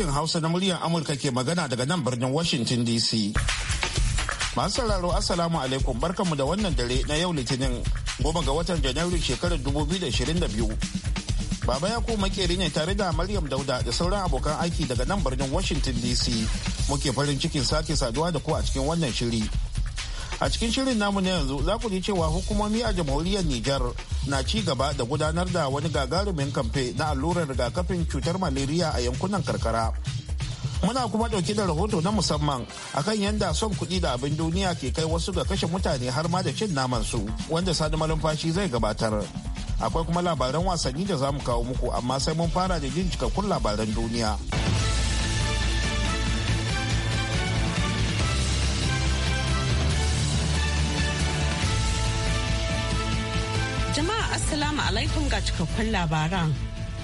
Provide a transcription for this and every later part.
sashen Hausa na muryar Amurka ke magana daga nan birnin Washington DC. Masu sauraro Assalamu alaikum barkanmu da wannan dare na yau Litinin goma ga watan Janairu shekarar 2022. Baba ya koma makeri ne tare da Maryam Dauda da sauran abokan aiki daga nan birnin Washington DC. Muke farin cikin sake saduwa da ku a cikin wannan shiri. A cikin shirin namu na yanzu za ku ji cewa hukumomi a jamhuriyar Nijar na ci gaba da gudanar da wani gagarumin kamfe na allurar rigakafin cutar maleriya a yankunan karkara. Muna kuma ɗauki da rahoto na musamman akan yadda son kuɗi da abin duniya ke kai wasu ga kashe mutane har ma da cin naman su wanda sani malumfashi zai gabatar. Akwai kuma labaran wasanni da za mu kawo muku amma sai mun fara da jin cikakkun labaran duniya. Jama'a Assalamu alaikum ga cikakkun labaran.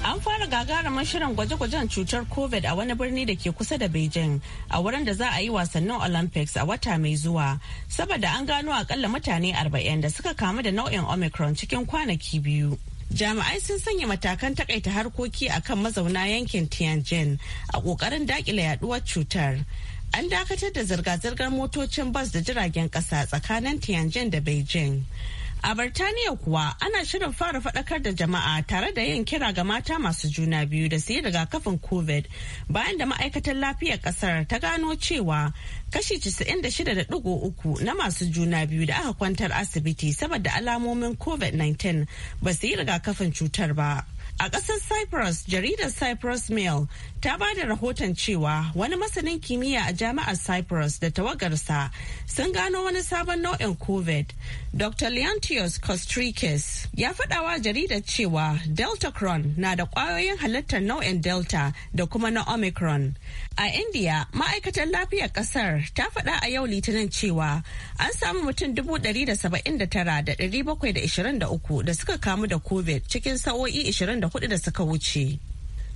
An fara gagarumin shirin gwaje-gwajen cutar COVID a wani birni da ke kusa da Beijing a wurin da za a yi wasannin Olympics a wata mai zuwa. Saboda an gano akalla mutane 40 da suka kamu da nau'in Omicron cikin kwanaki biyu. Jami'ai sun sanya matakan takaita harkoki kan mazauna yankin Tianjin a kokarin dakile yaduwar cutar. an dakatar da zirga-zirgar motocin bas da jiragen kasa tsakanin Tianjin da Beijing. A Birtaniya kuwa ana shirin fara faɗakar da jama'a tare da yin kira ga mata masu juna biyu da su yi rigakafin COVID bayan da ma'aikatan lafiyar ƙasar ta gano cewa kashi 96.3 na masu juna biyu da aka kwantar asibiti saboda alamomin COVID-19 ba su yi rigakafin cutar ba. A ƙasar Cyprus, jaridar Cyprus Mail ta ba da rahoton cewa wani masanin kimiyya a jami'ar Cyprus da tawagarsa sun gano wani sabon nau'in COVID. Dr. Leontios Kostrikis ya faɗawa jaridar cewa delta cron na da ƙwayoyin halittar nau'in Delta da kuma na Omicron. A India, ma'aikatar lafiyar ƙasar ta faɗa a yau Litinin cewa an samu mutum 179,723 da suka kamu da COVID cikin sa'o'i 20 shekarun da suka wuce.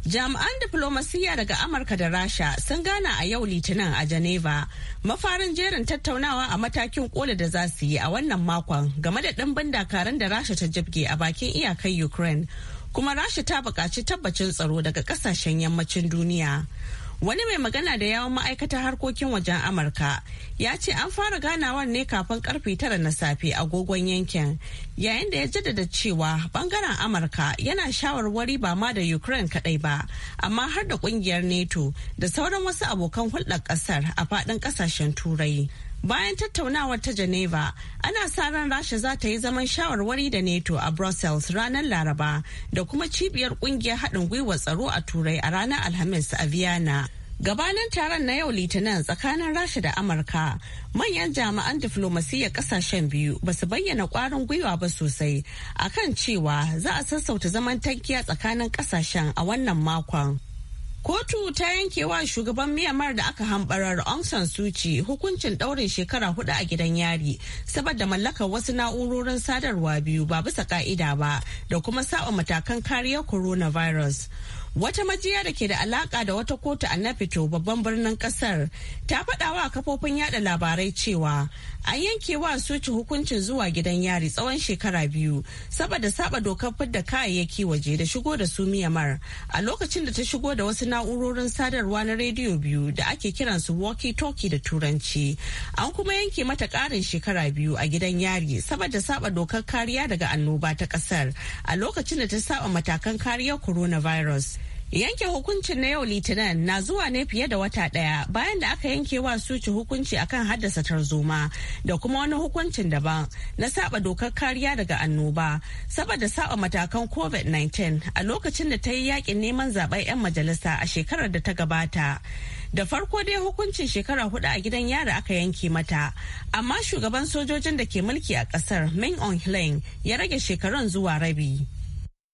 Jami'an diflomasiyya daga Amurka da Rasha sun gana a yau Litinin a Geneva mafarin jerin tattaunawa a matakin kola da za su yi a wannan makon game da ɗimbin dakarun da Rasha ta jibge a bakin iyakar Ukraine. Kuma Rasha ta buƙaci tabbacin tsaro daga ƙasashen yammacin duniya. Wani mai magana da yawon ma'aikatar harkokin wajen Amurka ya ce an fara ganawar ne kafin karfe tara na safe agogon yankin yayin da ya jaddada cewa bangaren Amurka yana shawarwari ba ma da Ukraine kadai ba amma har da kungiyar NATO da sauran wasu abokan hulɗar ƙasar a faɗin ƙasashen Turai. Bayan tattaunawar ta Geneva, ana sa ran Rasha za ta yi zaman shawarwari da Neto a Brussels ranar Laraba da kuma cibiyar kungiyar haɗin gwiwar tsaro a Turai a ranar Alhamis a Vienna. Gabanin taron na yau Litinin tsakanin Rasha da Amurka, manyan jami'an diflomasiyyar kasashen biyu ba su bayyana kwarin gwiwa ba sosai akan cewa za a sassauta zaman tankiya tsakanin kasashen a wannan makon. Kotu ta yanke wa shugaban Myanmar da aka hambarar Aung San Suu Kyi hukuncin daurin shekara hudu a gidan yari saboda mallakar wasu na'urorin sadarwa biyu ba bisa ka'ida ba da kuma saba matakan kariyar coronavirus. Wata majiya da ke da alaka da wata kotu a na fito babban birnin kasar ta faɗa wa kafofin yada labarai cewa an yanke wa soci hukuncin zuwa gidan yari tsawon shekara biyu saboda saba dokar fidda kayayyaki waje da shigo da su miyamar a lokacin da ta shigo da wasu na'urorin sadarwa na rediyo biyu da ake su walkie-talkie da turanci an kuma yanke mata ƙarin shekara biyu a gidan yari saboda saba dokar kariya daga annoba ta ƙasar a lokacin da ta saba matakan kariyar coronavirus Yanke hukuncin na yau Litinin na zuwa ne fiye da wata ɗaya bayan da aka yanke wa suci hukunci akan haddasa tarzoma da kuma wani hukuncin daban na saba dokar kariya daga annoba saboda saba matakan COVID-19 a lokacin da ta yi yakin neman zaben 'yan majalisa a shekarar da ta gabata. Da farko dai hukuncin shekara hudu a gidan yara aka yanke mata, amma shugaban sojojin da ke mulki a kasar Ming On ya rage shekarun zuwa rabi.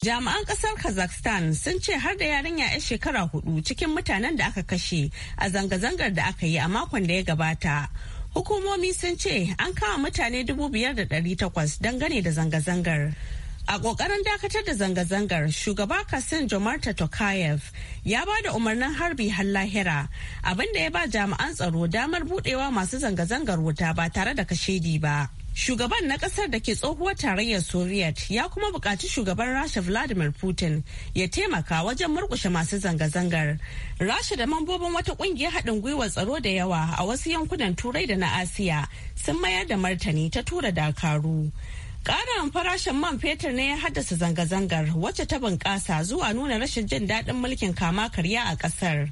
Jami'an kasar Kazakhstan sun ce har da yarinya 'yan shekara hudu cikin mutanen da aka kashe a zanga-zangar da aka yi a makon da ya gabata. Hukumomi sun ce an kama mutane 5,800 dangane da zanga-zangar. A ƙoƙarin dakatar da zanga-zangar, shugaba Kasim Jomarta Tokayev ya ba da umarnin harbi har lahira, abinda ya ba jami'an tsaro damar budewa masu zanga-zangar wuta ba tare da kashedi ba. Shugaban na kasar da ke tsohuwar tarayyar Soviet ya kuma bukaci shugaban Rasha Vladimir Putin ya taimaka wajen murkushe masu zanga-zangar. Rasha da mambobin wata ƙungiyar haɗin gwiwar tsaro da yawa a wasu yankunan Turai da na Asiya sun mayar da martani ta tura dakaru. Ƙarin farashin man fetur ne ya haddasa zanga-zangar wacce ta bunƙasa zuwa nuna rashin jin daɗin mulkin kama karya a ƙasar.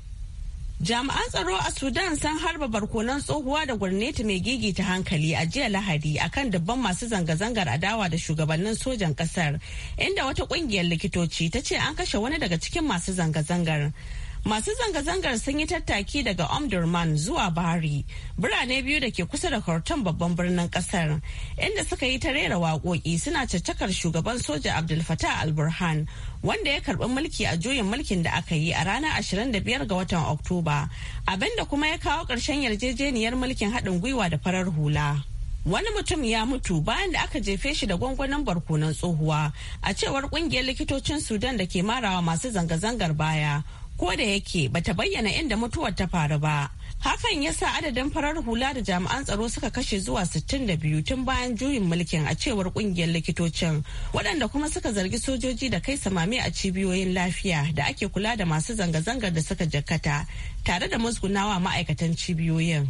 Jami'an tsaro a Sudan sun harba barkonan tsohuwa da gwamnati mai gigi ta hankali a jiya Lahadi akan dabban masu zanga-zangar adawa da shugabannin sojan kasar, inda wata kungiyar likitoci ta ce an kashe wani daga cikin masu zanga-zangar. Masu zanga-zangar sun yi tattaki daga Omdurman zuwa Bari, birane biyu da ke kusa da Khartoum babban birnin kasar, inda suka yi ta rera waƙoƙi suna caccakar shugaban soja Abdul Fattah al-Burhan, wanda ya karbi mulki a juyin mulkin da aka yi a ranar 25 ga watan Oktoba, abinda kuma ya kawo ƙarshen yarjejeniyar mulkin haɗin gwiwa da farar hula. Wani mutum ya mutu bayan da aka jefe shi da gwangwanin barkonon tsohuwa, a cewar kungiyar likitocin Sudan da ke marawa masu zanga-zangar baya. ko da yake bata bayyana inda mutuwar ta faru ba hakan ya sa adadin farar hula da jami'an tsaro suka kashe zuwa 62 tun bayan juyin mulkin a cewar kungiyar likitocin waɗanda kuma suka zargi sojoji da kai samame a cibiyoyin lafiya da ake kula da masu zanga-zangar da suka jakkata tare da musgunawa ma'aikatan cibiyoyin.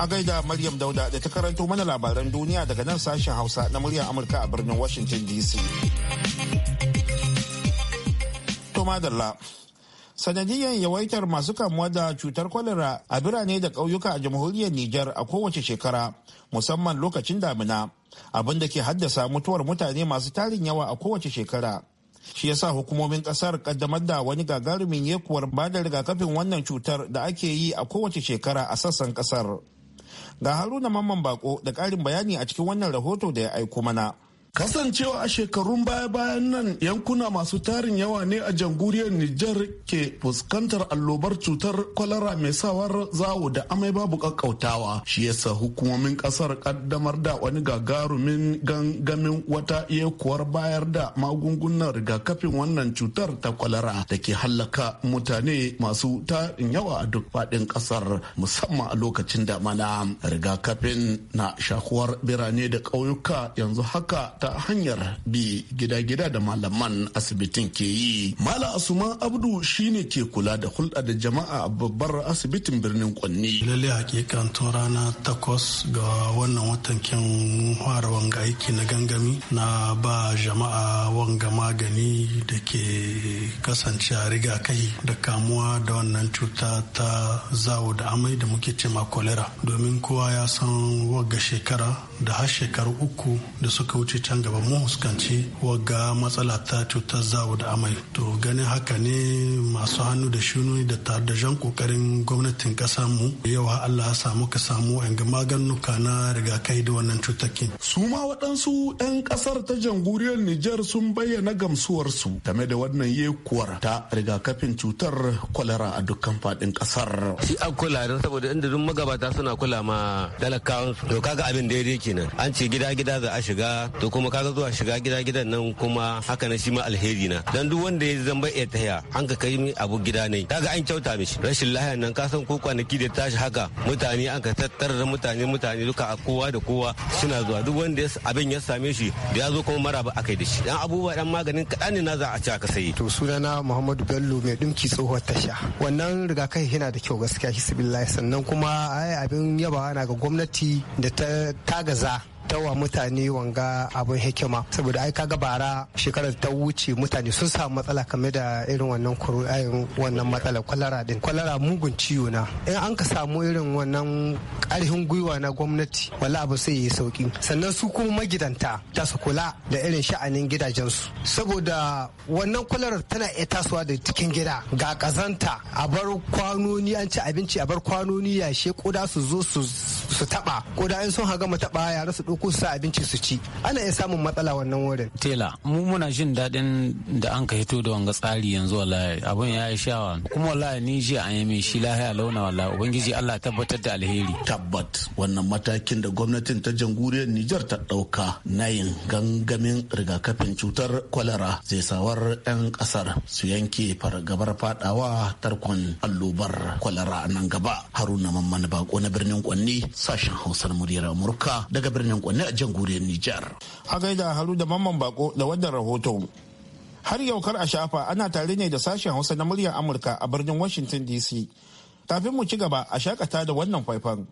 A gaida Maryam Dauda da ta karanto mana labaran duniya daga nan sashen Hausa na muryar Amurka a birnin Washington DC. To madalla. sanadiyar yawaitar masu kamuwa da cutar kwalera a birane da ƙauyuka a jamhuriyar Nijar a kowace shekara musamman lokacin damina abin da ke haddasa mutuwar mutane masu tarin yawa a kowace shekara. Shi yasa hukumomin ƙasar kaddamar da wani gagarumin yekuwar ba da rigakafin wannan cutar da ake yi a kowace shekara a sassan ƙasar Ga Haruna Mamman Bako da ƙarin bayani a cikin wannan rahoto da ya aiko mana. Kasancewa a shekarun baya-bayan nan yankuna masu tarin yawa ne a jamhuriyar Nijar ke fuskantar allobar cutar kwalara mai sawar zawo da amai babu kakkautawa. Shi yasa hukumomin kasar kaddamar da wani gagarumin gangamin wata yekuwar bayar da magungunan rigakafin wannan cutar ta kwalara da ke hallaka mutane masu tarin yawa a duk faɗin kasar musamman a lokacin damana. Rigakafin na shakuwar birane da ƙauyuka yanzu haka ta hanyar bi gida-gida da malaman asibitin ke yi. Mala Asuma Abdu shine ke kula da hulɗa da jama'a a babbar asibitin birnin Kwanni. Lalle hakikan to rana takwas ga wannan watan kin fara wanga aiki na gangami na ba jama'a wanga magani da ke kasance a kai da kamuwa da wannan cuta ta zawo da amai da muke cema kolera domin kowa ya san wagga shekara da har shekaru uku da suka wuce can gaba mun fuskanci waga matsala ta cutar zawo da amai to ganin haka ne masu hannu da shinu da tare da jan kokarin gwamnatin kasa mu yawa Allah ya samu ka samu yan maganuka na rigakai da wannan cutakin su ma waɗansu 'yan ƙasar ta jamhuriyar Nijar sun bayyana gamsuwarsu game da wannan yekuwar ta rigakafin cutar kwalara a dukkan faɗin ƙasar. Shi a kula saboda inda duk magabata suna kula ma talakawan to kaga abin da yake nan an ce gida gida za a shiga to kuma kaga zuwa shiga gida gidan nan kuma haka na shi ma alheri na dan duk wanda ya zamba ya taya an ka kai mi abu gida ne kaga an kyauta mishi rashin lahiya nan ka san ko kwanaki da tashi haka mutane an ka tattara mutane mutane duka a kowa da kowa suna zuwa duk wanda abin ya same shi da ya zo kuma maraba akai da shi dan abubuwa dan maganin kaɗan ne na za a ci aka sayi to sunana Muhammadu Bello mai dinki tsohuwar tasha wannan rigakafi yana da kyau gaskiya shi sannan kuma abin yabawa na ga gwamnati da ta tagaza kaza wa mutane wanga abin hikima saboda ai kaga bara shekarar ta wuce mutane sun samu matsala kame da irin wannan kuru'ayin wannan matsalar kwalara din kwalara mugun ciwo na in an ka samu irin wannan karfin gwiwa na gwamnati wala abu sai yi sauki sannan su kuma magidanta ta su kula da irin sha'anin gidajensu saboda wannan kwalarar tana iya tasowa da cikin gida ga kazanta a bar kwanoni an ci abinci a bar kwanoni yashe koda su zo su taba koda in sun haga mu taba yara su ko su abinci su ci ana iya samun matsala wannan wurin. tela mu muna jin daɗin da an ka hito da wanga tsari yanzu wallahi abun ya yi sha'awa kuma wallahi ni ji an yi shi lahiya launa wallahi ubangiji Allah tabbatar da alheri. tabbat wannan matakin da gwamnatin ta jamhuriyar Nijar ta ɗauka na yin gangamin rigakafin cutar kwalara zai sawar 'yan ƙasar su yanke fargabar faɗawa, tarkon allobar kwalara nan gaba haruna mamman bako na birnin kwanni sashen hausar muryar amurka daga birnin wani a jamhuriyar Nijar. A gaida haru da mamman bako da wannan rahoto. Har yau kar a shafa ana tare ne da sashen Hausa na muryar Amurka a birnin Washington DC. Kafin mu ci gaba a shakata da wannan faifan.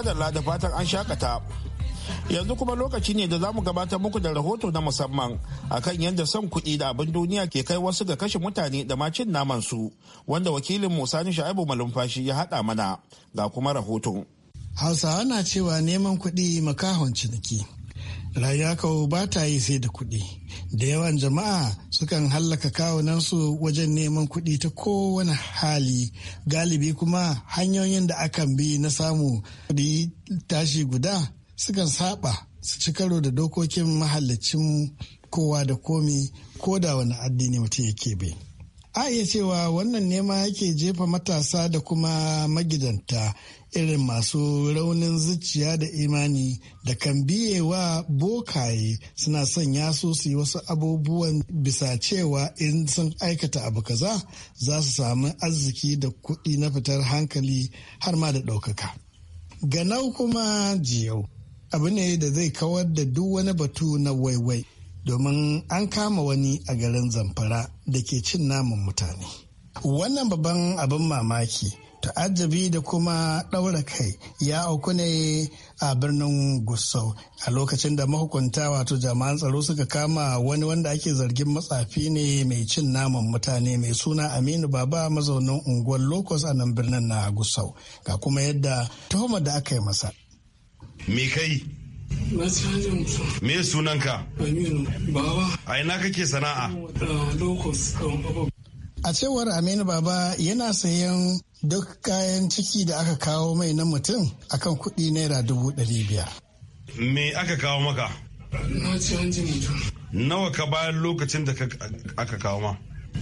madalla da fatan an shakata. Yanzu kuma lokaci ne da za mu gabatar muku da rahoto na musamman akan yadda son kuɗi da abin duniya ke kai wasu ga kashe mutane da macin naman su wanda wakilin Musani Sha'ibu Malumfashi ya haɗa mana ga kuma rahoto. Hausawa na cewa neman kuɗi makahon ciniki. Rayuwa kawo ba ta yi sai da kuɗi. da yawan jama'a sukan hallaka kawunansu wajen neman kuɗi ta kowane hali galibi kuma hanyoyin da akan bi na samu kuɗi tashi guda sukan saba su ci karo da dokokin mahallacin kowa da komi ko da wani addini mutum yake bai. a iya cewa wannan nema yake jefa matasa da kuma magidanta irin masu raunin zuciya da imani da kan biye wa bokaye suna sanya su su yi wasu abubuwan bisa cewa in sun aikata abu kaza za su sami arziki da kuɗi na fitar hankali har ma da ɗaukaka. Ganau kuma jiyau abu ne da zai kawar da duk wani batu na waiwai domin an kama wani a garin zamfara da ke cin naman mutane. Wannan babban abin mamaki. ta'ajjabi da kuma ɗaura kai ya auku ne a birnin gusau a lokacin da mahukunta wato jama'an tsaro suka kama wani wanda ake zargin matsafi ne mai cin naman mutane mai suna aminu baba mazaunin unguwar lokos a nan birnin na gusau ga kuma yadda tuhumar da aka yi masa me kai me sunanka aminu baba a ina kake sana'a lokos A cewar Aminu Baba yana sayan duk kayan ciki da aka kawo mai na mutum akan kuɗi naira dubu ɗari biyar. Me aka kawo maka? Na ce an ji mutum. Nawa ka bayan lokacin da aka kawo ma?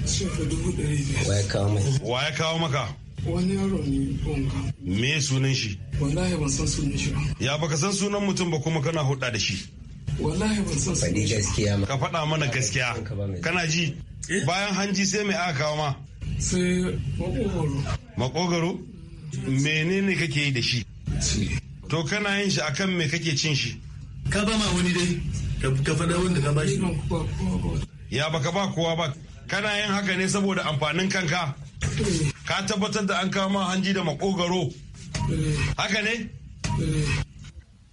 Shefa dubu ɗari biyar. Wa ya kawo mai? Wa ya kawo maka? Wani yaro ne bonga. Me sunan shi? Wallahi ban san sunan shi ba. Ya baka san sunan mutum ba kuma kana hudda da shi. wallahi ban san gaskiya ka faɗa mana gaskiya kana ji eh? bayan hanji sai mai aka kawo ma sai makogaro makogaro menene kake yi da shi to kana yin shi akan me kake cin shi ka ba ma wani dai ka faɗa wanda ka ba shi ya baka ba kowa ba kana yin haka ne saboda amfanin kanka eh. ka tabbatar da an kawo ma hanji da makogaro eh. haka ne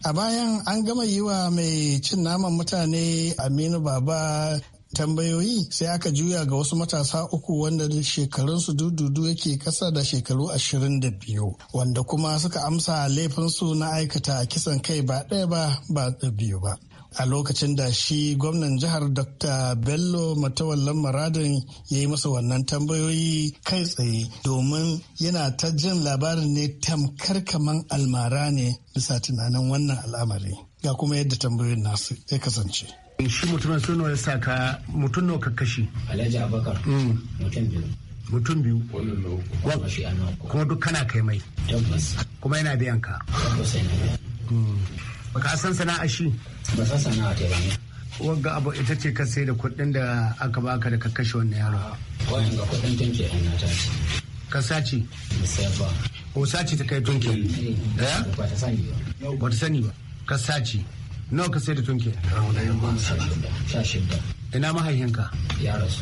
a bayan an gama yi wa mai cin naman mutane aminu baba tambayoyi sai aka juya ga wasu matasa uku wanda shekarunsu dududu yake kasa da shekaru ashirin da biyu wanda kuma suka amsa laifinsu na aikata kisan kai ba ɗaya ba ba biyu ba a lokacin da shi gwamnan jihar dr bello matawallan maradin ya yi masa wannan tambayoyi kai tsaye domin yana ta jin labarin ne tamkar kaman almara ne bisa tunanin wannan al'amari ga kuma yadda tambayoyin nasu ya kasance shi mutumin suno ya saka mutum nau kakashi alhaji abakar mm. mutum biyu mutum biyu kuma duk kana kai mai kuma yana biyan ka baka san sana'a shi ba san sana'a ta ba wagga abu ita ce ka sai da kuɗin da aka baka da ka kashe wannan yaro wayan ga kuɗin tunke a na ta ce ka sace ba ko sace ta kai tunke daya eh, eh, eh? ba ta sani ba ba ta sani ba ka sace nawa ka sai da tunke ba. ina mahaihinka ya rasu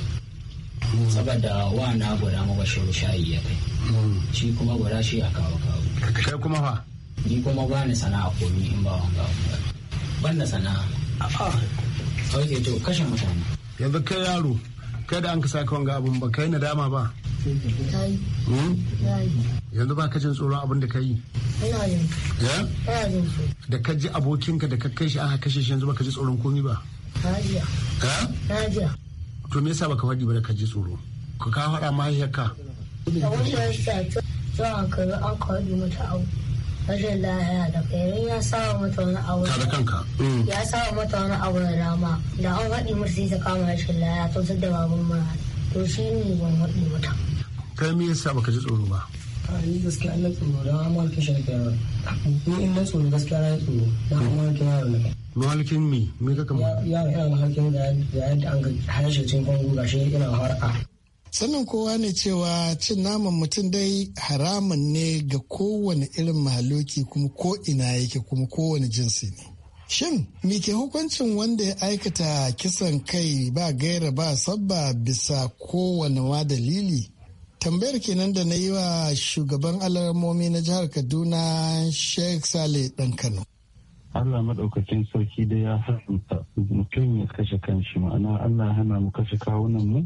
hmm. saboda wa na guda mabashiru shayi ya kai hmm. shi kuma guda shi a kawo kawo kai kuma fa ni kuma ba sana'a ko ni in ba wanga ban da sana'a ke to kashe mutane yanzu kai yaro kai da an ka saka wanga abun ba kai nadama ba hmm? yanzu ba ka jin tsoron abin da ka yi da ka ji abokinka da ka kai shi aka kashe shi yanzu ba ka ji tsoron komi ba to me yasa ka faɗi ba da ka ji tsoro ka ka faɗa mahaifiyarka a wajen sa ta an kawo mata abu rashin lahiya da kai ya sawa mata wani abu tare kanka mm. ya sawa mata wani abu da dama da an haɗi mata sai ta kama rashin lahiya to sai da babun mura to shi ne ban haɗi mata kai me yasa baka ji tsoro ba a ni gaskiya na tsoro da amma ka shi ka ni in na tsoro gaskiya na tsoro da amma ka yaro na mahalikin me me ka kama yaro ina mahalikin da ya yadda an ga harshe cikin bangu gashi ina harka Sanin kowa ne cewa cin naman mutum dai haramun ne ga kowane irin mahaloki kuma ko ina yake kuma kowane jinsi ne Shin, me ke hukuncin wanda ya aikata kisan kai ba gaira ba sabba bisa kowane ma dalili? Tambayar kenan da na yi wa shugaban alamomi na jihar Kaduna Sheikh Sale ɗan Kano. Allah maɗaukakin sarki da ya haramta mutum ya kashe kanshi ma'ana Allah hana mu kashe kawunan mu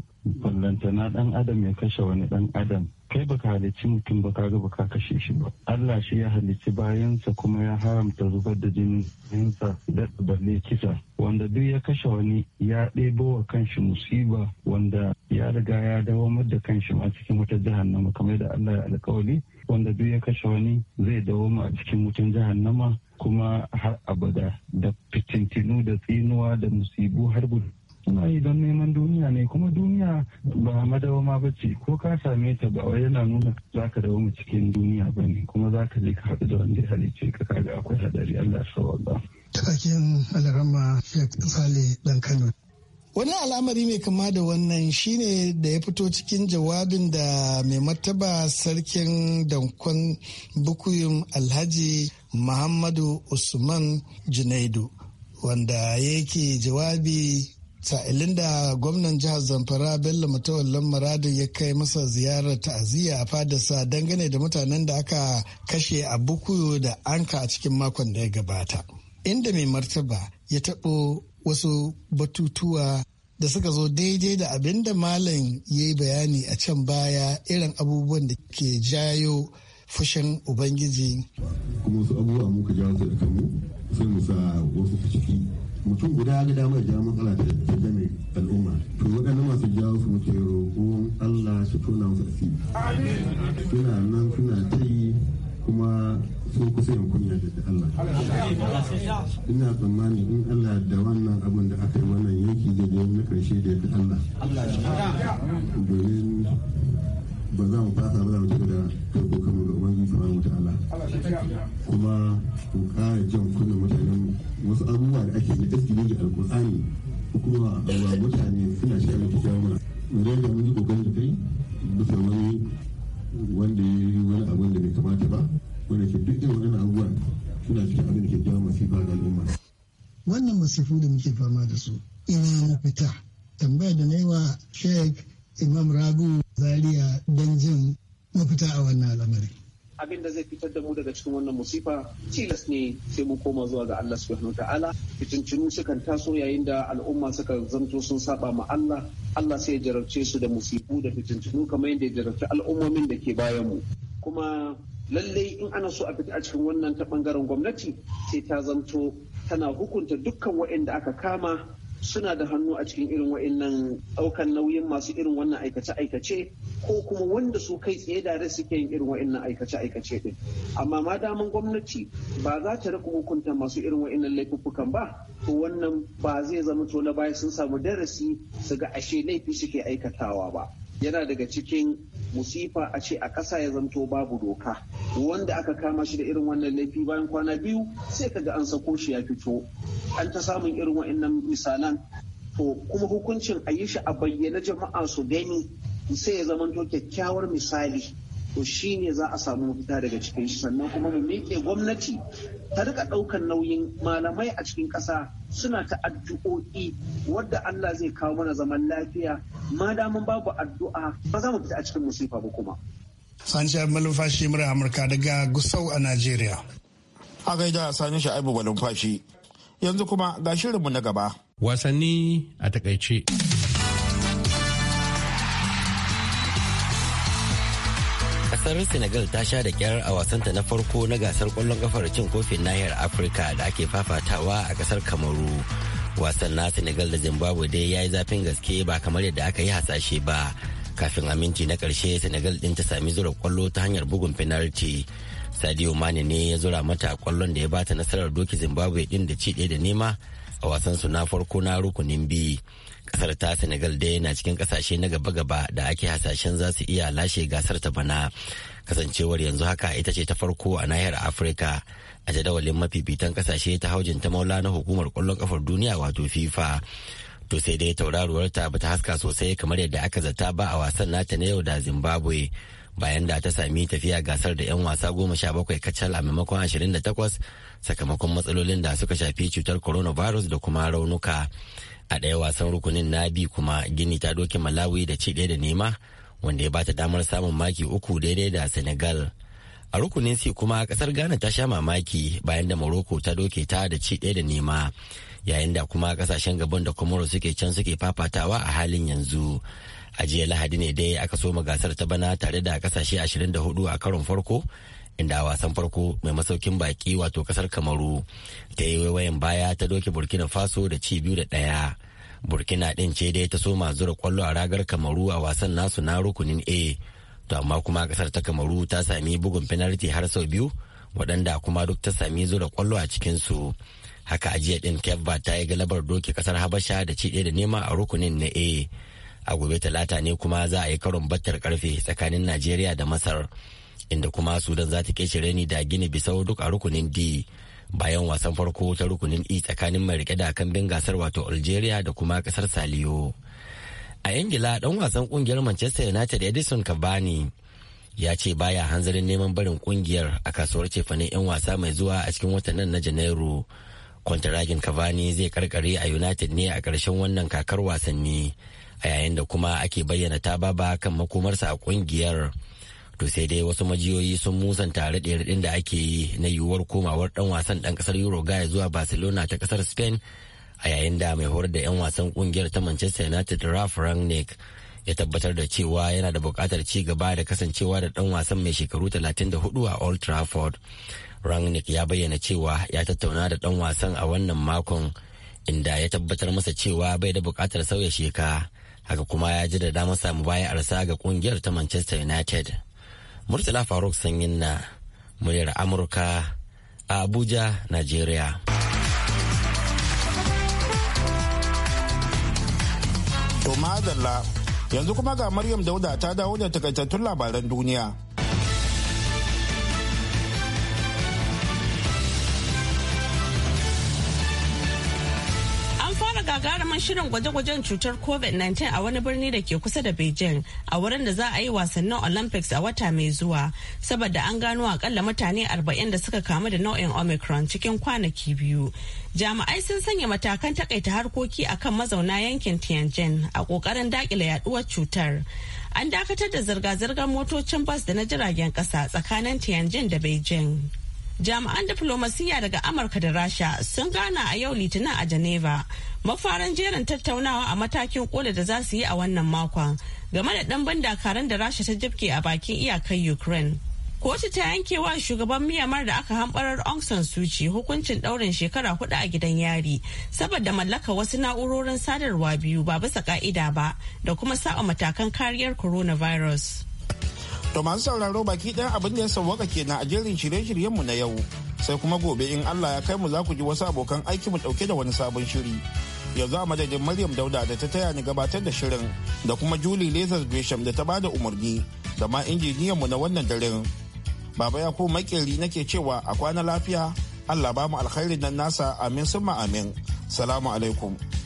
na ɗan adam ya kashe wani ɗan adam kai baka halicci mutum ba kaga baka kashe shi ba Allah shi ya halicci bayansa kuma ya haramta zubar da jininsa da balle kisa wanda duk ya kashe wani ya ɗebo wa kanshi musiba wanda ya riga ya dawo da kanshi ma cikin wata jihar jahannama kamar da Allah ya alƙawari wanda duk ya kashe wani zai dawoma a cikin wutan jahannama kuma har abada da fitintinu da tsinuwa da musibu har gudu suna yi don neman duniya ne kuma duniya ba madawama ba ce ko ka same ta ba wai yana nuna za ka dawoma cikin duniya ba ne kuma za ka je ka haɗu da wanda ya halice ka kaga akwai hadari Allah sallallahu alaihi wasallam. Takakin Alarama Sheikh Sale Dan Kano. wani al'amari mai kama da wannan shine da ya fito cikin jawabin da mai martaba sarkin dankon bukuyin alhaji muhammadu usman junaidu wanda yake jawabi sa'ilin da gwamnan jihar zamfara bello matawallan maradin ya kai masa ziyarar ta'aziyya a fadarsa dangane da mutanen da aka kashe a bukuyo da anka a cikin makon da ya gabata inda mai martaba ya taɓo wasu batutuwa da suka zo daidai da abin da malam ya yi bayani a can baya irin abubuwan da ke jayo fushin ubangiji kuma wasu abubuwa muka jawo su da kanmu sai mu sa wasu ciki mutum guda ga damar jawo matsala ta mai al'umma to waɗanda masu jawo su ya roƙon allah su tona wasu asiri suna nan suna ta yi kuma sun kusa yin kunya da Allah ina tsammani in Allah da wannan abin da aka yi wannan yanki da ya na karshe da yadda Allah domin ba za mu fasa ba za mu tafi da karko kamar da ubangiji subhanahu wa ta'ala kuma ku kara jan kunna mutanen wasu abubuwa da ake na gaskiya da alkur'ani kuma ba mutane suna shi a da kyawun mana mu mun yi kokarin da kai bisa wani wanda ya yi wani abin da bai kamata ba wannan abubuwan da masifu da muke fama da su ina fita tambaya da na yi wa sheikh imam ragu zaria don jin mafita a wannan al'amari. abin da zai fitar da mu daga cikin wannan musifa tilas ne sai mu koma zuwa ga Allah subhanahu ta'ala fitincinu sukan taso yayin da al'umma suka zanto sun saba ma Allah Allah sai ya jarabce su da musibu da fitincinu kamar yadda ya jarabci al'ummomin da ke bayan mu kuma lallai in ana so a fita a cikin wannan ta bangaren gwamnati sai ta zanto tana hukunta dukkan waɗanda aka kama suna da hannu a cikin irin wa'annan ɗaukan nauyin masu irin wannan aikace-aikace ko kuma wanda su kai tsaye da suke yin irin wa'annan aikace-aikace din amma ma daman gwamnati ba za ta rika hukunta masu irin wa'annan laifuffukan ba to wannan ba zai zama to na baya sun samu darasi su ga ashe laifi suke aikatawa ba yana daga cikin musifa a ce a ƙasa ya zanto babu doka wanda aka kama shi da irin wannan laifi bayan kwana biyu sai kaga an sako shi ya fito an ta samun irin wa'annan misalan to kuma hukuncin a yi shi a bayyana jama'a su gani sai ya zamanto kyakkyawar misali to shi ne za a samu mafita daga cikin shi sannan kuma mu miƙe gwamnati ta rika ɗaukar nauyin malamai a cikin ƙasa suna ta addu'o'i wadda Allah zai kawo mana zaman lafiya ma daman babu addu'a ba za mu fita a cikin musifa ba kuma. Sani Sha'ibu Malumfashi murar Amurka daga Gusau a Najeriya. A gaida Sani Sha'ibu Malumfashi yanzu kuma ga shirinmu na gaba. Wasanni a takaice. kasar senegal ta sha da kyar a wasanta na farko na gasar kwallon kafar cin kofin nahiyar afirka da ake fafatawa a kasar kamaru wasan na senegal da zimbabwe dai ya yi zafin gaske ba kamar yadda aka yi hasashe ba kafin a minti na karshe senegal din ta sami zura kwallo ta hanyar bugun penalty sadio mane ne ya zura mata kwallon da ya bata nasarar doki zimbabwe din da ci da nema a wasan su na farko na rukunin biyu kasar ta senegal dai na cikin kasashe na gaba-gaba da ake hasashen za su iya lashe gasar ta bana kasancewar yanzu haka ita ce ta farko a nahiyar afirka a jadawalin mafifitan kasashe ta haujin ta maula na hukumar kwallon kafar duniya wato fifa to sai dai tauraruwar ta bata haska sosai kamar yadda aka zata ba a wasan nata na yau da zimbabwe bayan da ta sami tafiya gasar da 'yan wasa goma sha bakwai kacal a maimakon ashirin da takwas sakamakon matsalolin da suka shafi cutar coronavirus da kuma raunuka a ɗaya wasan rukunin na bi kuma gini ta doke malawi da ci ɗaya da nema wanda ya bata damar samun maki uku daidai da senegal a rukunin si kuma kasar ghana ta sha mamaki bayan da morocco ta doke ta da ci ɗaya da nema yayin da kuma kasashen gabon da komoro suke can suke fafatawa a halin yanzu a jiya lahadi ne dai aka soma gasar ta bana tare da kasashe 24 a karon farko inda a wasan farko mai masaukin baki wato kasar kamaru ta yi waiwayin baya ta doke burkina faso da ci biyu da ɗaya burkina ɗin ce dai ta so soma zura kwallo a ragar kamaru a wasan nasu na rukunin a to amma kuma kasar ta kamaru ta sami bugun penalty har sau biyu waɗanda kuma duk ta sami zura kwallo a cikinsu haka ajiya ɗin kebba ta yi galabar doke kasar habasha da ci ɗaya da nema a rukunin na a a gobe talata ne kuma za a yi karon battar karfe tsakanin najeriya da masar inda kuma sudan za ta shirya ni da gini bisau duk a rukunin d bayan wasan farko ta rukunin e tsakanin mai rike da kambin gasar wato algeria da kuma kasar saliyo a ingila dan wasan kungiyar manchester united edison cavani ya ce baya hanzarin neman barin kungiyar a kasuwar cefanen 'yan wasa mai zuwa a cikin watan na janairu kwantaragin cavani zai karkare a united ne a ƙarshen wannan kakar wasanni a yayin da kuma ake bayyana ta baba kan makomarsa a kungiyar. to sai dai wasu majiyoyi sun musan tare da raɗin da ake yi na yiwuwar komawar ɗan wasan ɗan ƙasar uruguay zuwa barcelona ta ƙasar spain a yayin da mai horar da 'yan wasan ƙungiyar ta manchester united ralph rangnick ya tabbatar da cewa yana da buƙatar ci gaba da kasancewa da ɗan wasan mai shekaru 34 a old trafford rangnick ya bayyana cewa ya tattauna da ɗan wasan a wannan makon inda ya tabbatar masa cewa bai da buƙatar sauya sheka haka kuma ya ji da damar samu arsa ga ƙungiyar ta manchester united Murtala Faruk Sanyin na muryar Amurka a Abuja, Najeriya. To madalla yanzu kuma ga Maryam Dauda ta dawo da takaitattun labaran duniya. gagarumin shirin gwaje-gwajen cutar covid-19 a wani birni da ke kusa da beijing a wurin da za a yi wasannin olympics a wata mai zuwa saboda an gano akalla mutane 40 da suka kamu da nau'in omicron cikin kwanaki biyu jami'ai sun sanya matakan takaita harkoki akan mazauna yankin tianjin a kokarin dakile yaduwar cutar an dakatar da zirga-zirgar motocin bas da na jiragen kasa tsakanin tianjin da beijing jami'an Diplomasiya daga amurka da rasha sun gana a yau litinin a geneva mafarin jerin tattaunawa a matakin kola da za su yi a wannan makon game da ɗanban dakaran da rasha ta jibke a bakin iyakar ukraine kotu ta yankewa shugaban miyamar da aka hambarar aung suci hukuncin ɗaurin shekara hudu a gidan yari saboda mallaka wasu na'urorin sadarwa biyu ba bisa ka'ida ba da kuma sa'a matakan kariyar coronavirus. To masu sauraro baki ɗaya abin da ya sauwaka kenan a jerin shirye-shiryenmu na yau. Sai kuma gobe in Allah ya kai mu za ku ji wasu abokan aiki mu ɗauke da wani sabon shiri. Yanzu a madadin Maryam Dauda da ta taya ni gabatar da shirin da kuma Julie Lazarus Gresham da ta da umarni da ma injiniyanmu na wannan daren. Baba ya ko makeri nake cewa a kwana lafiya Allah ba mu alkhairin nan nasa amin summa amin. Salamu alaikum.